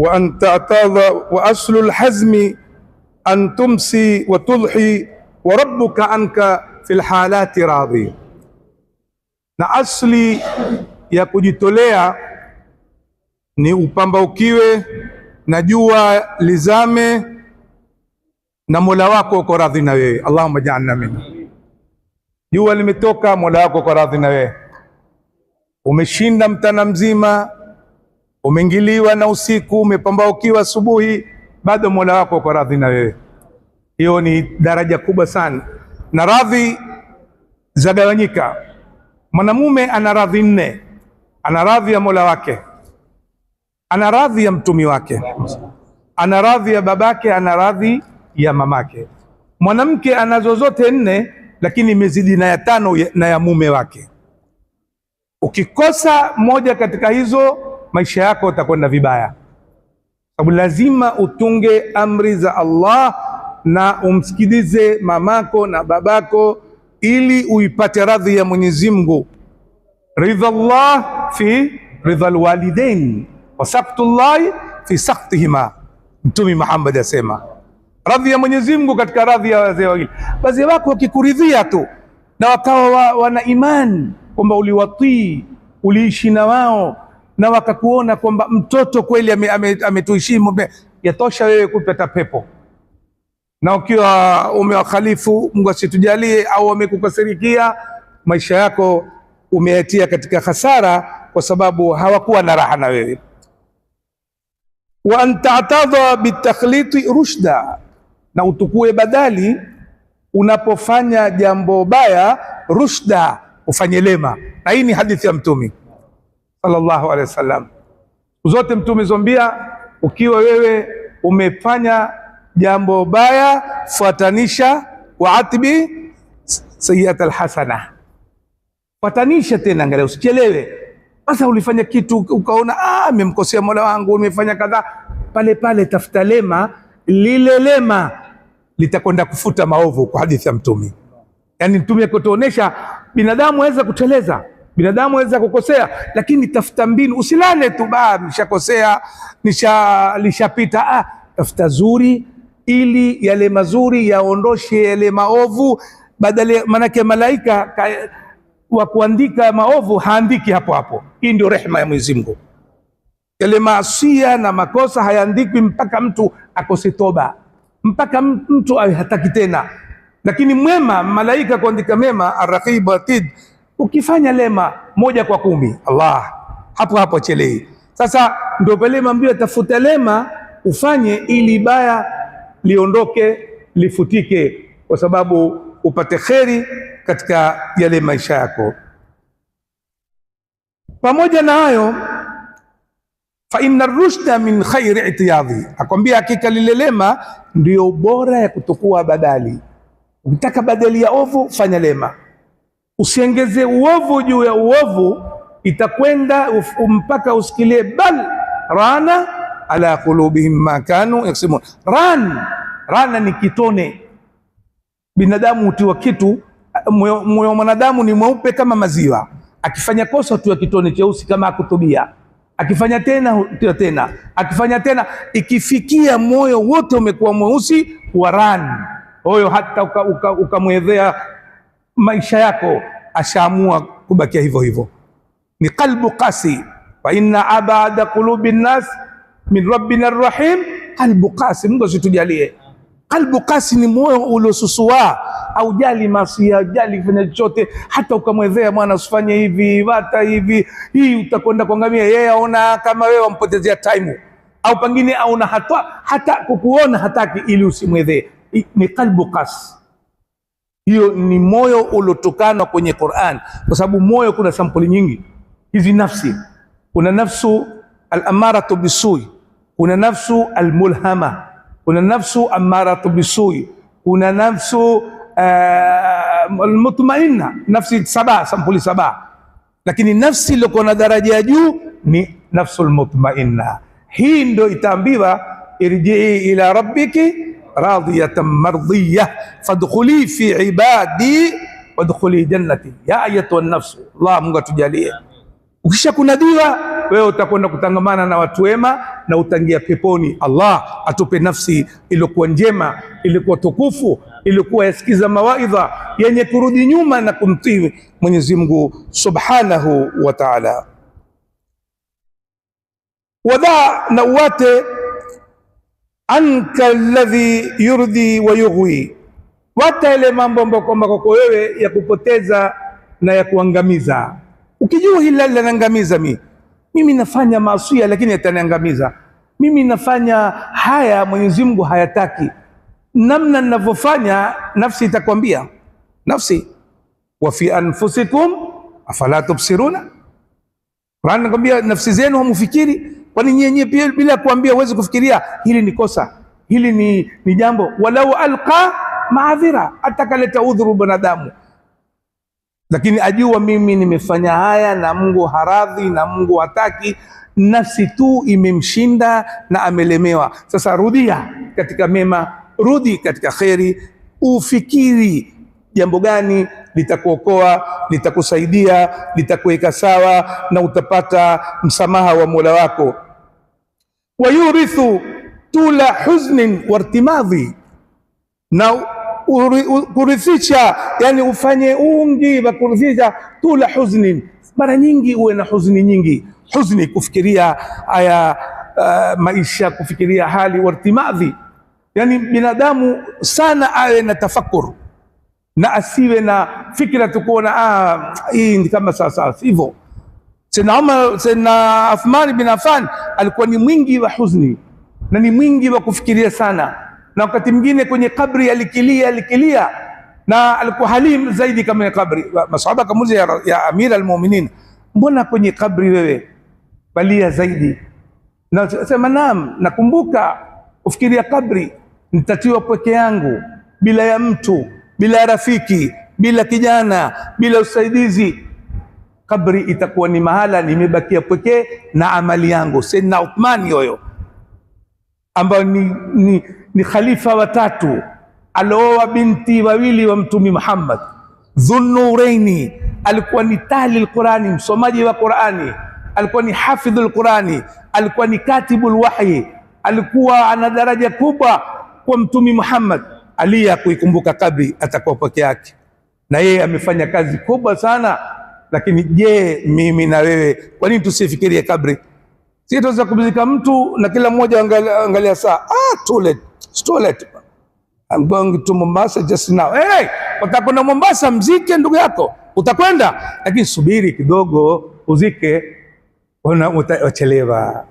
وأن تعتاض وأصل الحزم أن تمسي وتضحي وربك عنك في الحالات راضي na asli ya kujitolea ni upambaukiwe na jua lizame na Mola wako uko radhi na wewe. Allahumma ja'alna minhu. Jua limetoka, Mola wako uko radhi na wewe, umeshinda mtana mzima Umeingiliwa na usiku, umepambaukiwa asubuhi, bado Mola wako uko radhi na wewe. Hiyo ni daraja kubwa sana, na radhi zagawanyika. Mwanamume ana radhi nne: ana radhi ya Mola wake, ana radhi ya mtumi wake, ana radhi ya babake, ana radhi ya mamake. Mwanamke anazo zote nne, lakini imezidi na ya tano na ya mume wake. Ukikosa moja katika hizo maisha yako utakwenda vibaya, sababu lazima utunge amri za Allah na umsikilize mamako na babako, ili uipate radhi ya Mwenyezi Mungu. Ridha llah fi ridha lwalidain wa saktu fi saktihima. Mtume Muhammad asema radhi ya Mwenyezi Mungu katika radhi ya wazee wawili. Wazee wako wakikuridhia tu na wakawa wana imani kwamba uliwatii, uliishi na wao na wakakuona kwamba mtoto kweli ametuheshimu, ame, ame yatosha wewe kupata pepo. Na ukiwa umewakhalifu, Mungu asitujalie, au wamekukasirikia, maisha yako umeyatia katika hasara, kwa sababu hawakuwa na raha na wewe. wa antatadha bitakhliti rushda, na utukue badali unapofanya jambo baya, rushda ufanye lema. Na hii ni hadithi ya Mtume sallallahu alaihi wasallam. Zote mtume zombia, ukiwa wewe umefanya jambo baya fuatanisha, waatibi sayyata alhasana, fuatanisha tena, angalia, usichelewe. Sasa ulifanya kitu ukaona, ah, nimemkosea Mola wangu, nimefanya kadhaa, pale pale tafuta lema, lile lema litakwenda kufuta maovu, kwa hadithi ya mtume. Yani mtume kutuonesha binadamu aweza kuteleza Binadamu aweza kukosea, lakini tafuta mbinu, usilale tu ba nishakosea, nisha lishapita. Ah, tafuta zuri, ili yale mazuri yaondoshe yale maovu, badala manake malaika ka, wa kuandika maovu haandiki hapo hapo. Hii ndio rehma ya Mwenyezi Mungu. Yale maasia na makosa hayaandikwi mpaka mtu akose toba, mpaka mtu hataki tena. Lakini mwema, malaika kuandika mema, arraqibu atid Ukifanya lema moja kwa kumi, Allah hapo hapo chelei. Sasa ndio pale mambia, tafuta lema ufanye ili baya liondoke lifutike, kwa sababu upate kheri katika yale maisha yako. Pamoja na hayo, fa inna rushda min khairi itiyadhi, akwambia hakika lile lema ndio bora ya kutokuwa badali. Ukitaka badali ya ovu, fanya lema usiongeze uovu juu ya uovu, itakwenda mpaka usikilie bal rana ala qulubihim ma kanu yaksimun. Ran, rana ni kitone. Binadamu hutiwa kitu, moyo wa mwanadamu ni mweupe kama maziwa. Akifanya kosa utiwa kitone cheusi kama akutubia akifanya tena hutiwa tena, akifanya tena, ikifikia moyo wote umekuwa mweusi wa ran hoyo, hata ukamwedhea uka maisha yako, ashaamua kubakia hivyo hivyo. Ni qalbu qasi, fa inna abada qulubi nnas min rabbina rrahim. Qalbu qasi, Mungu asitujalie qalbu qasi. Ni moyo uliosusua, aujali masia jali kufanya chochote, hata ukamwezea mwana usifanye hivi wata hivi, hii utakwenda kuangamia. Yeye aona kama wewe wampotezea time au pengine aona hata kukuona hataki, ili usimwezee. Ni qalbu qasi. Hiyo ni moyo uliotokana kwenye Qur'an, kwa sababu moyo kuna sampuli nyingi hizi nafsi. Kuna nafsu al-amaratu bisui, kuna nafsu al-mulhama, kuna nafsu amaratu bisui, kuna nafsu eh, al-mutmainna, nafsi saba, sampuli saba. Lakini nafsi iliyokuwa na daraja ya juu ni nafsu al-mutmainna. Hii ndio itaambiwa irjii ila rabbiki radiyatan mardiyah fadkhuli fi ibadi wadkhuli jannati ya ayatuha nafsu. Allah, Mungu atujalie. Ukisha kunadiwa wewe utakwenda kutangamana na watu wema na utangia peponi. Allah atupe nafsi iliyokuwa njema, iliyokuwa tukufu, iliyokuwa yasikiza mawaidha yenye kurudi nyuma na kumtii Mwenyezi Mungu Subhanahu wa Ta'ala. Wadha na uwate anka alladhi yurdhi wa yughwi, wata ile mambo ambayo kwamba kwako wewe ya kupoteza na ya kuangamiza. Ukijua hili linaangamiza, mi mimi nafanya maasia lakini yataniangamiza mimi, nafanya haya Mwenyezi Mungu hayataki. Namna ninavyofanya nafsi itakwambia nafsi, wa fi anfusikum afala tubsiruna. Qur'an nakwambia nafsi zenu hamufikiri Kwani nyie nyie pia bila kuambia uweze kufikiria hili ni kosa, hili ni, ni jambo. Walau alqa maadhira, atakaleta udhuru binadamu, lakini ajua mimi nimefanya haya na Mungu haradhi na Mungu hataki, nafsi tu imemshinda na amelemewa. Sasa rudia katika mema, rudi katika kheri, ufikiri jambo gani litakuokoa, litakusaidia, litakuweka sawa na utapata msamaha wa Mola wako wayurithu tula huznin wartimadhi, na kurithisha, yani ufanye ungi wa kurithisha. Tula huznin, mara nyingi uwe na huzuni nyingi, huzuni kufikiria haya uh, maisha, kufikiria hali. Wartimadhi, yani binadamu sana awe na tafakur na asiwe na fikira tukuona hii ah, ni kama sasa hivyo Sayyidina Umar, Sayyidina Uthman bin Affan alikuwa ni mwingi wa huzuni na ni mwingi wa kufikiria sana, na wakati mwingine kwenye kabri alikilia alikilia, na alikuwa halim zaidi kama ya kabri. Masahaba kamuzi ya, ya Amir al-Mu'minin, mbona kwenye kabri wewe balia zaidi? Na sema naam, nakumbuka kufikiria kabri, nitatiwa peke yangu bila ya mtu bila rafiki bila kijana bila usaidizi kabri itakuwa ni mahala nimebakia pekee na amali yangu. Saidna Uthmani yoyo ambayo ni, ni, ni khalifa watatu alooa binti wawili wa Mtumi Muhammad Dhunnureini, alikuwa ni tahli lqurani, msomaji wa Qurani, alikuwa ni hafidhu lqurani, alikuwa ni katibu lwahyi, alikuwa ana daraja kubwa kwa Mtumi Muhammad. Ali akuikumbuka kuikumbuka kabri atakuwa peke yake, na yeye amefanya kazi kubwa sana lakini je, mimi na wewe, kwa nini tusifikirie kabri? Si tuweza kumzika mtu na kila mmoja angalia saa, ah, too late, too late, I'm going to Mombasa just now. Hey, utakwenda Mombasa, mzike ndugu yako, utakwenda lakini subiri kidogo uzike, utachelewa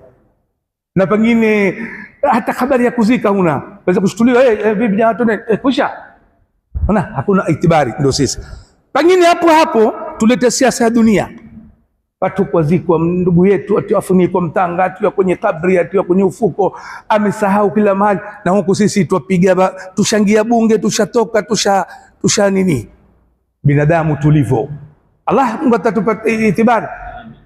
na pengine hata habari ya kuzika huna, waweza kushtuliwa Hey, vipi? Hey, hey, kusha ona, hakuna itibari. Ndio sisi pengine hapo hapo tulete siasa ya dunia. Watu kwazikwa, ndugu yetu atiwafunikwa mtanga, atiwa kwenye kabri, atiwa kwenye ufuko, amesahau kila mahali, na huku sisi twapiga, tushangia bunge, tushatoka, tusha tusha nini, binadamu tulivyo. Allah Mungu atatupa itibari,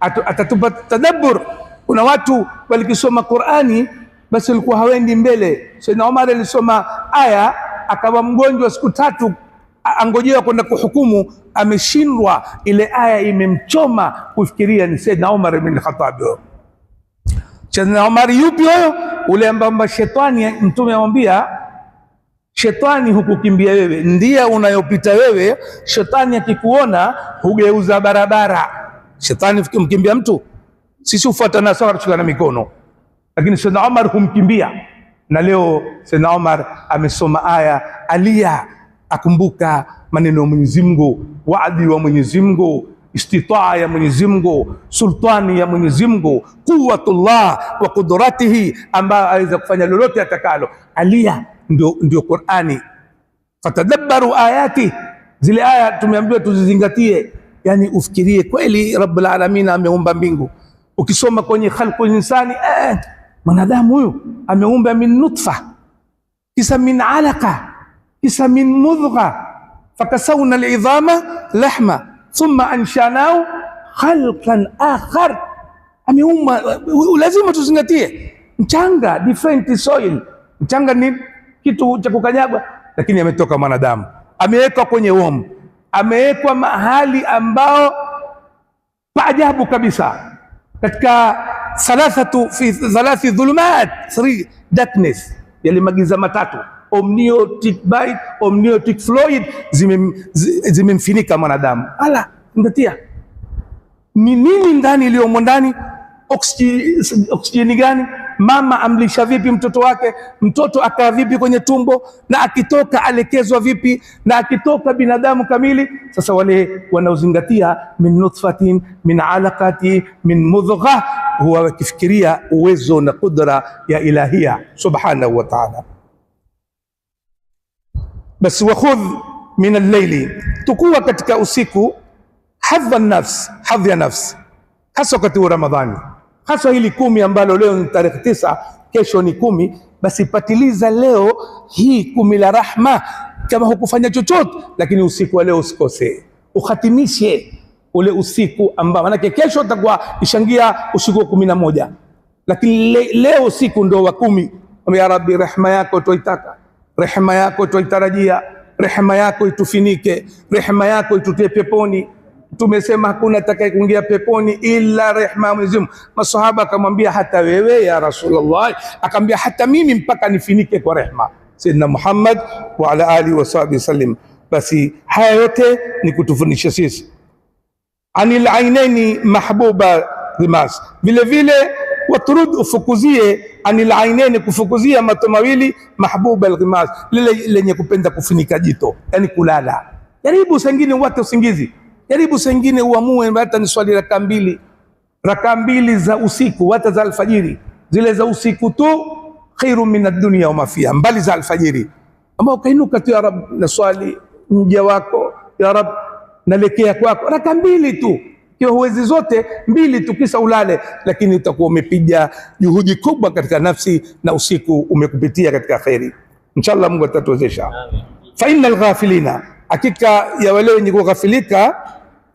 atatupa tadabbur. Kuna watu walikisoma Qur'ani basi walikuwa hawendi mbele. Saidna Omar alisoma aya akawa mgonjwa siku tatu angojea kwenda kuhukumu, ameshindwa. Ile aya imemchoma kufikiria ni Saidna Umar bin Khattab. Saidna Umar yupi huyo? Ule ambaye shetani mtume amwambia shetani hukukimbia wewe, ndia unayopita wewe. Shetani akikuona hugeuza barabara. Shetani mkimbia mtu, sisi ufuata na sawa, tushikana mikono, lakini Saidna Umar humkimbia. Na leo Saidna Umar amesoma aya alia akumbuka maneno ya Mwenyezi Mungu, waadhi wa Mwenyezi Mungu, istitaa ya Mwenyezi Mungu, sultani ya Mwenyezi Mungu, quwwatullah wa qudratihi, ambayo aweza kufanya lolote atakalo. Alia ndio, ndio Qur'ani. Fatadabbaru ayati, zile aya tumeambiwa tuzizingatie, yani ufikirie kweli Rabbul Alamin ameumba mbingu. Ukisoma kwenye khalqul insani eh, mwanadamu huyu ameumba min nutfa, kisa min alaka kisa min mudgha fakasawna al-idhama lahma thumma anshanau khalqan akhar. Ameumba, lazima tuzingatie mchanga, different soil. Mchanga ni kitu cha kukanyagwa, lakini ametoka mwanadamu, amewekwa kwenye womb, amewekwa mahali ambao paajabu kabisa, katika thalathatu fi thalathi dhulumat, three darkness, yale magiza matatu omniotic bite, omniotic fluid zimemfinika mwanadamu. Ala, ndatia ni nini ndani iliyomo ndani? Oksijeni gani? Mama amlisha vipi mtoto wake? Mtoto akaa vipi kwenye tumbo? Na akitoka alekezwa vipi? Na akitoka binadamu kamili. Sasa wale wanaozingatia min nutfatin min alaqati min mudgha, huwa wakifikiria uwezo na kudra ya Ilahia subhanahu wa ta'ala. Basi wakhudh min al-layli, tukua katika usiku hadha nafsi, hadhi ya nafsi, hasa wakati wa Ramadhani, hasa hili kumi ambalo leo ni tarehe tisa, kesho ni kumi. Basi patiliza leo hii kumi la rahma, kama hukufanya chochote, lakini usiku wa leo usikose, ukhatimishe ule usiku ambao, manake kesho utakuwa ishangia usiku wa kumi na moja, lakini leo usiku ndo wa kumi. Ya Rabbi, rehma yako tuitaka Rehema yako twaitarajia, rehema yako itufinike, rehema yako itutie peponi. Tumesema hakuna atakaye kuingia peponi ila rehema ya Mwenyezi Mungu. Masahaba akamwambia hata wewe ya Rasulullah, akamwambia hata mimi mpaka nifinike kwa rehema Sayyidina Muhammad wa ala alihi wasahbihi wasallam. Basi haya yote ni kutufundisha sisi anil ainaini mahbuba rimas, vile vile waturud, ufukuzie anil aineni, kufukuzia mato mawili, mahbuba alghimas, lile lenye kupenda kufunika jito, yani kulala. Jaribu sengine uwate usingizi, jaribu sengine uamue hata ni swali rakaa mbili, rakaa mbili za usiku, hata za alfajiri, zile za usiku tu, khairu min ad-dunya wa ma fiha, mbali za alfajiri, ambao ukainuka tu, ya rab, na swali mja wako, ya rab, nalekea kwako, rakaa mbili tu ikiwa huwezi zote mbili tu, kisa ulale, lakini utakuwa umepiga juhudi kubwa katika nafsi na usiku umekupitia katika kheri. Inshallah Mungu atatuwezesha. Fa innal ghafilina, hakika ya wale wenye kughafilika,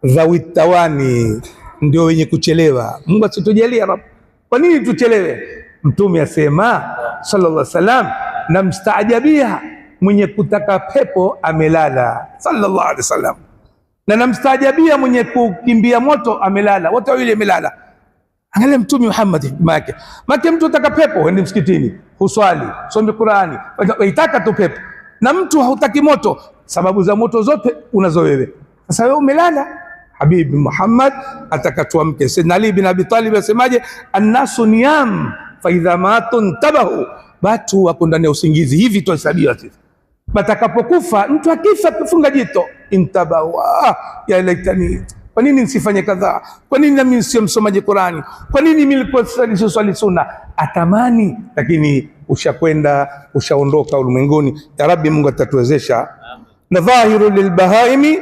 dhawitawani, ndio wenye kuchelewa. Mungu asitujalie Rabb. Kwa nini tuchelewe? Mtume asema sallallahu alaihi wasallam, namstaajabia mwenye kutaka pepo amelala, sallallahu alaihi wasallam na namstaajabia mwenye kukimbia moto amelala, wote wawili amelala. Angalia Mtume Muhammad make make, mtu ataka pepo ende msikitini, huswali, some Qurani, waitaka tu pepo, na mtu hautaki moto, sababu za moto zote unazo wewe. Sasa wewe umelala. Habibi Muhammad ataka tuamke. Sayyidina Ali bin Abi Talib asemaje? Annasu niyam fa idha matu ntabahu, batu wako ndani ya usingizi, hivi tuhesabiwa sisi. Batakapokufa mtu akifa kufunga jito intabahu, Ah, ya laitani, kwa nini nisifanye kadhaa? Kwa nini nami sio msomaji Qurani? Kwa nini mimi nilikuwa nisiswali sunna? Atamani, lakini ushakwenda ushaondoka ulimwenguni. Ya Rabbi, Mungu atatuwezesha. Na dhahiru lilbahaimi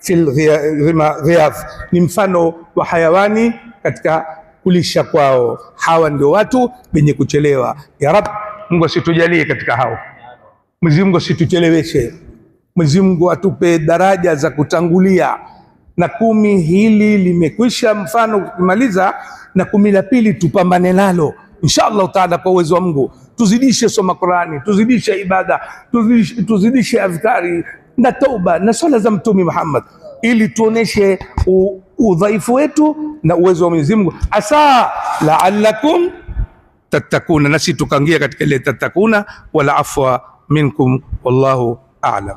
fil ghiyaf, ni mfano wa hayawani katika kulisha kwao. Hawa ndio watu wenye kuchelewa. Ya Rabbi, Mungu asitujalie katika hao. Mwenyezi Mungu asitucheleweshe. Mwenyezi Mungu atupe daraja za kutangulia na kumi hili limekwisha, mfano ukimaliza na kumi la pili tupambane nalo insha allahu taala, kwa uwezo wa Mungu tuzidishe soma Qurani, tuzidishe ibada, tuzidishe, tuzidishe adhkari na tauba na swala za Mtume Muhammad ili tuoneshe udhaifu wetu na uwezo wa Mwenyezi Mungu, asa laalakum tattakuna, nasi tukaingia katika ile tattakuna wala afwa minkum, wallahu a'lam.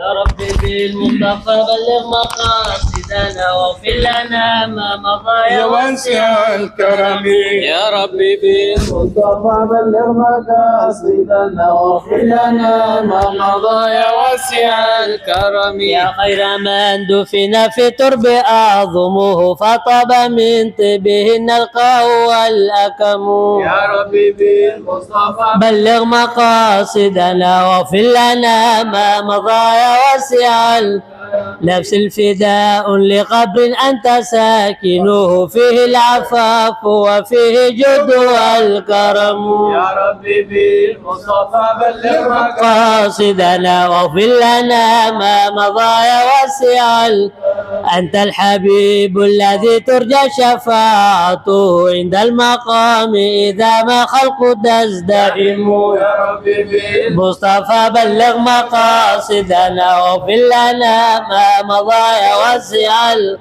يا ربي بالمصطفى بلغ مقاصدنا واغفر لنا ما مضى يا واسع الكرم يا ربي بالمصطفى بلغ مقاصدنا واغفر لنا ما مضى يا واسع الكرم يا خير من دفن في ترب اعظمه فطاب من طبه نلقاه والاكم يا ربي بالمصطفى بلغ مقاصدنا واغفر لنا ما مضى يا وسع نفس الفداء لقبر أنت ساكنه فيه العفاف وفيه جد والكرم يا ربي بالمصطفى بلغ مقاصدنا واغفر لنا ما مضى يا واسع أنت الحبيب الذي ترجى شفاعته عند المقام إذا ما خلق تزدحم يا ربي بالمصطفى بلغ مقاصدنا واغفر لنا ما مضى واسأل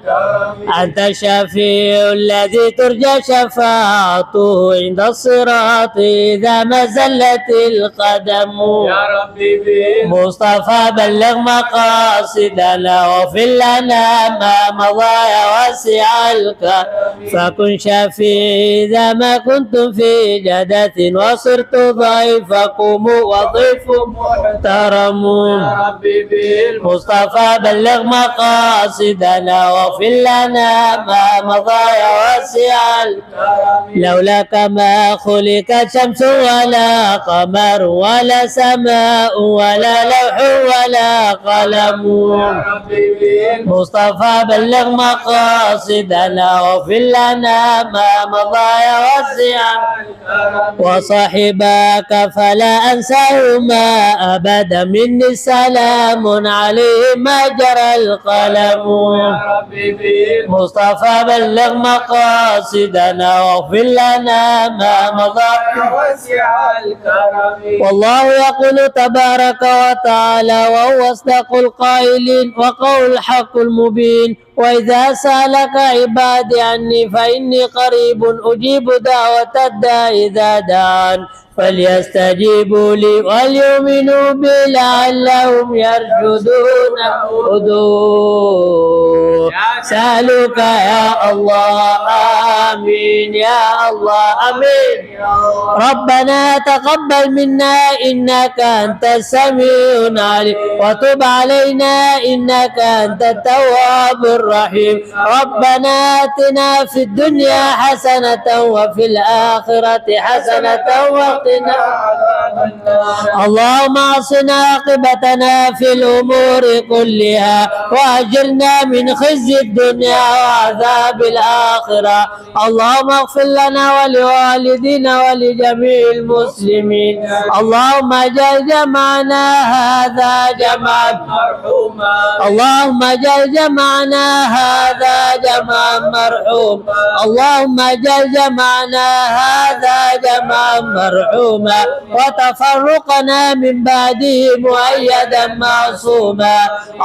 أنت الشفيع الذي ترجى شفاعته عند الصراط إذا ما زلت القدم يا ربي مصطفى بلغ مقاصدنا وفي لنا ما مضى واسع الكرم فكن شفيع إذا ما كنتم في جدة وصرت ضيفكم وضيف محترم يا ربي مصطفى بلغ مقاصدنا واغفر لنا ما مضى يا واسع لولاك ما خلق شمس ولا قمر ولا سماء ولا لوح ولا قلم مصطفى بلغ مقاصدنا واغفر لنا ما مضى يا واسع وصاحبك فلا أنساهما أبدا مني سلام عليهما جرى القلم مصطفى بلغ مقاصدنا واغفر لنا ما مضى والله يقول تبارك وتعالى وهو اصدق القائلين وقول الحق المبين وإذا سألك عبادي عني فإني قريب أجيب دعوة الداء إذا دعان فليستجيبوا لي وليؤمنوا بي لعلهم يرشدون خذوا سألوك يا الله آمين يا الله آمين ربنا تقبل منا إنك أنت السميع العليم وتب علينا إنك أنت التواب الرحيم ربنا آتنا في الدنيا حسنة وفي الآخرة حسنة وقنا اللهم اعصنا عاقبتنا في الامور كلها واجرنا من خزي الدنيا وعذاب الاخره اللهم اغفر لنا ولوالدينا ولجميع المسلمين اللهم اجعل جمعنا هذا جمعا مرحوما اللهم اجعل جمعنا هذا جمعا مرحوما اللهم اجعل جمعنا هذا جمعا مرحوما مرحوما وتفرقنا من بعده مؤيدا معصوما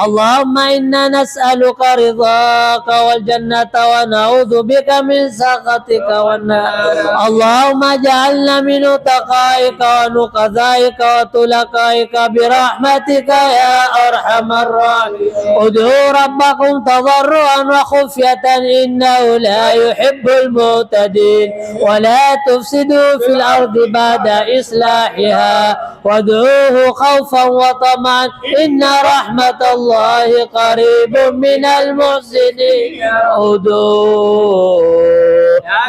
اللهم إنا نسألك رضاك والجنة ونعوذ بك من سخطك والنار اللهم اجعلنا من تقائك ونقذائك وتلقائك برحمتك يا أرحم الراحمين ادعوا ربكم تضرعا وخفية إنه لا يحب المعتدين ولا تفسدوا في الأرض بعد بعد إصلاحها وادعوه خوفا وطمعا إن رحمة الله قريب من المحسنين ادعوه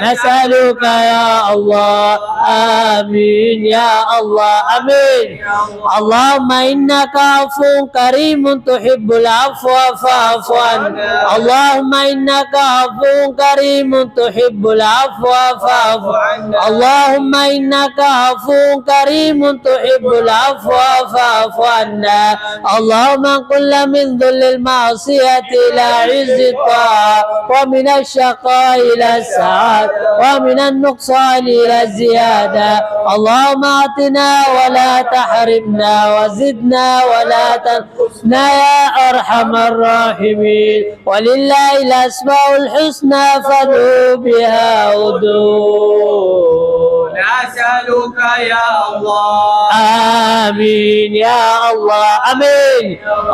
نسألك يا الله آمين يا الله آمين اللهم إنك عفو كريم تحب العفو فاعف عنا اللهم إنك عفو كريم تحب العفو فاعف عنا اللهم إنك عفو كريم تحب العفو فاعف عنا اللهم كل من ذل المعصية إلى عز الطاعة ومن الشقاء إلى السعادة والزيادات ومن النقصان إلى الزيادة اللهم أعطنا ولا تحرمنا وزدنا ولا تنقصنا يا أرحم الراحمين ولله الأسماء الحسنى فادعوا بها ودوا نسألك يا الله آمين يا الله آمين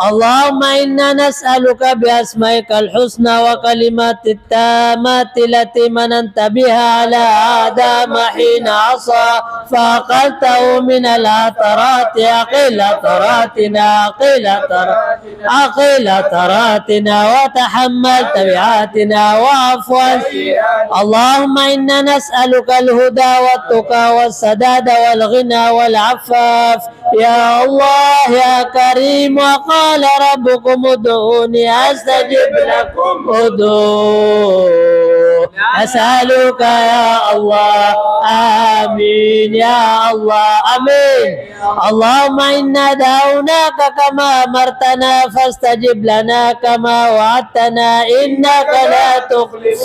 اللهم إنا نسألك بأسمائك الحسنى وكلمات التامات التي مننت بها على آدم حين عصى فأقلته من العثرات أقل أثراتنا أقل أقل عثراتنا وتحمل تبعاتنا وعفوا اللهم إنا نسألك الهدى والتقوى والتقى والسداد والغنى والعفاف يا الله يا كريم وقال ربكم ادعوني استجب لكم ادعوني أسألك يا الله آمين يا الله آمين اللهم إنا دعوناك كما أمرتنا فاستجب لنا كما وعدتنا إنك لا تخلف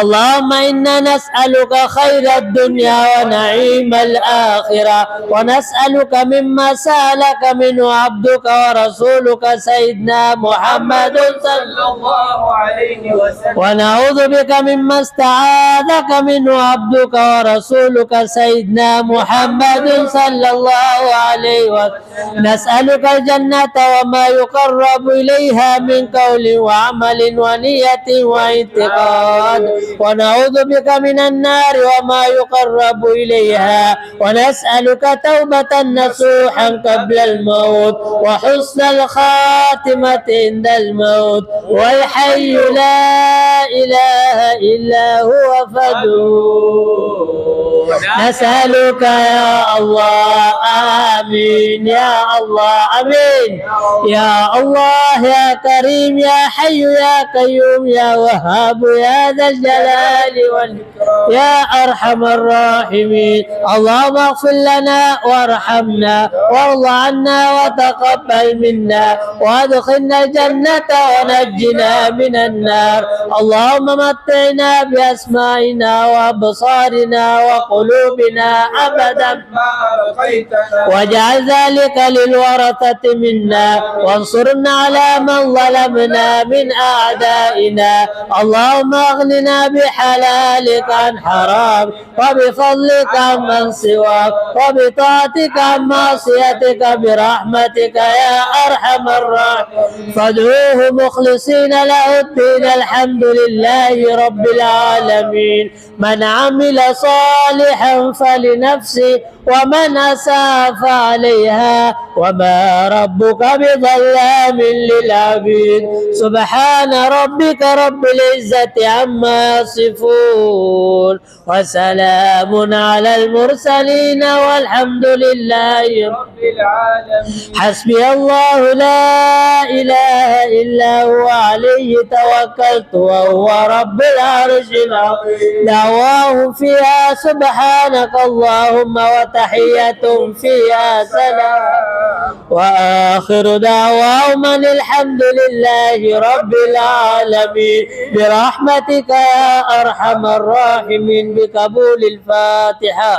اللهم إنا نسألك خير الدنيا ونعيم الآخرة ونسألك مما سألك منه عبدك ورسولك سيدنا محمد صلى الله عليه وسلم ونعوذ بك مما استعاذك منه عبدك ورسولك سيدنا محمد صلى الله عليه وسلم نسألك الجنة وما يقرب إليها من قول وعمل ونية واعتقاد ونعوذ بك من النار وما يقرب إليها ونسألك توبة نصوحا قبل الموت وحسن الخاتمة عند الموت والحي لا إله إلا هو فدوه نسألك يا الله آمين يا الله آمين يا الله يا كريم يا حي يا قيوم يا وهاب يا ذا الجلال والإكرام يا أرحم الراحمين اللهم اغفر لنا وارحمنا وارض عنا وتقبل منا وادخلنا الجنة ونجنا من النار اللهم متعنا بأسمائنا وأبصارنا وقلوبنا قلوبنا أبدا واجعل ذلك للورثة منا وانصرنا على من ظلمنا من أعدائنا اللهم أغننا بحلالك عن حرام وبفضلك من سواك وبطاعتك عن معصيتك برحمتك يا أرحم الراحمين فادعوه مخلصين له الدين الحمد لله رب العالمين من عمل صالحا صالحا فلنفسي ومن أساء فعليها وما ربك بظلام للعبيد سبحان ربك رب العزة عما يصفون وسلام على المرسلين والحمد لله رب العالمين حسبي الله لا إله إلا هو عليه توكلت وهو رب العرش العظيم دعواه فيها سبحانك اللهم وتعالى تحية فيها سلام وآخر من الحمد لله رب العالمين برحمتك يا أرحم الراحمين بقبول الفاتحة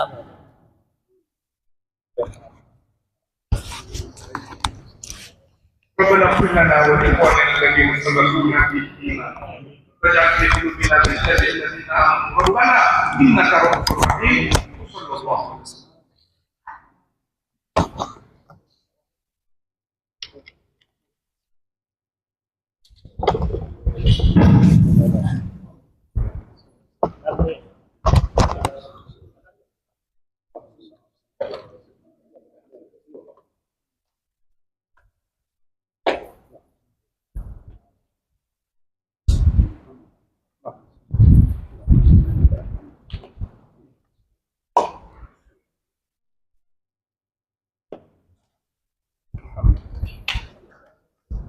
ربنا اغفر لنا ولإخواننا الذين سبقونا بالإيمان وجعل في قلوبنا بالجد الذين آمنوا ربنا إنك رب رحيم وصلى الله عليه وسلم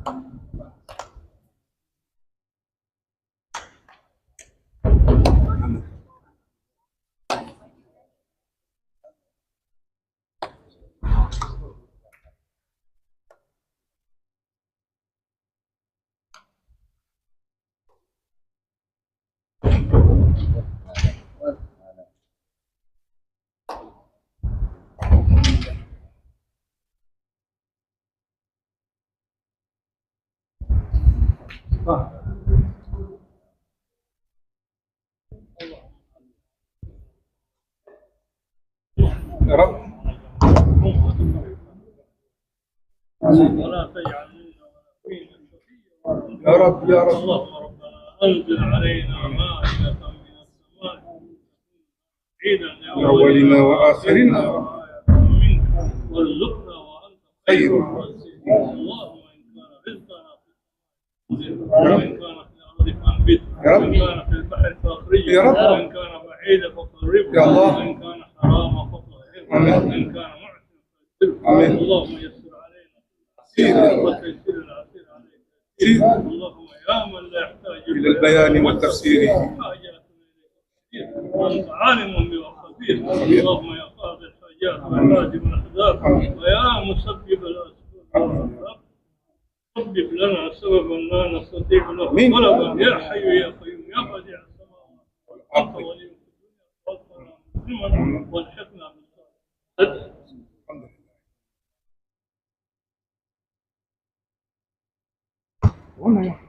Thank you. يا رب يا رب اللهم ربنا انزل علينا مائدة من السماء عيدا لاولنا واخرنا وارزقنا وانت خير الرازقين اللهم ان كان رزقنا في وان كان في الارض فانبت وان كان في البحر كان بعيدا فقربه وان كان حراما فطهره اللهم يسر كثير اللهم يا من لا يحتاج الى البيان والتفسير عالم وخبير اللهم يا قاضي الحاجات وعلاج الاحزاب ويا مسبب الاسباب سبب لنا سببا لا نستطيع له طلبا يا حي يا قيوم يا بديع السماوات انت ولي والحقنا بالصالح Oh my.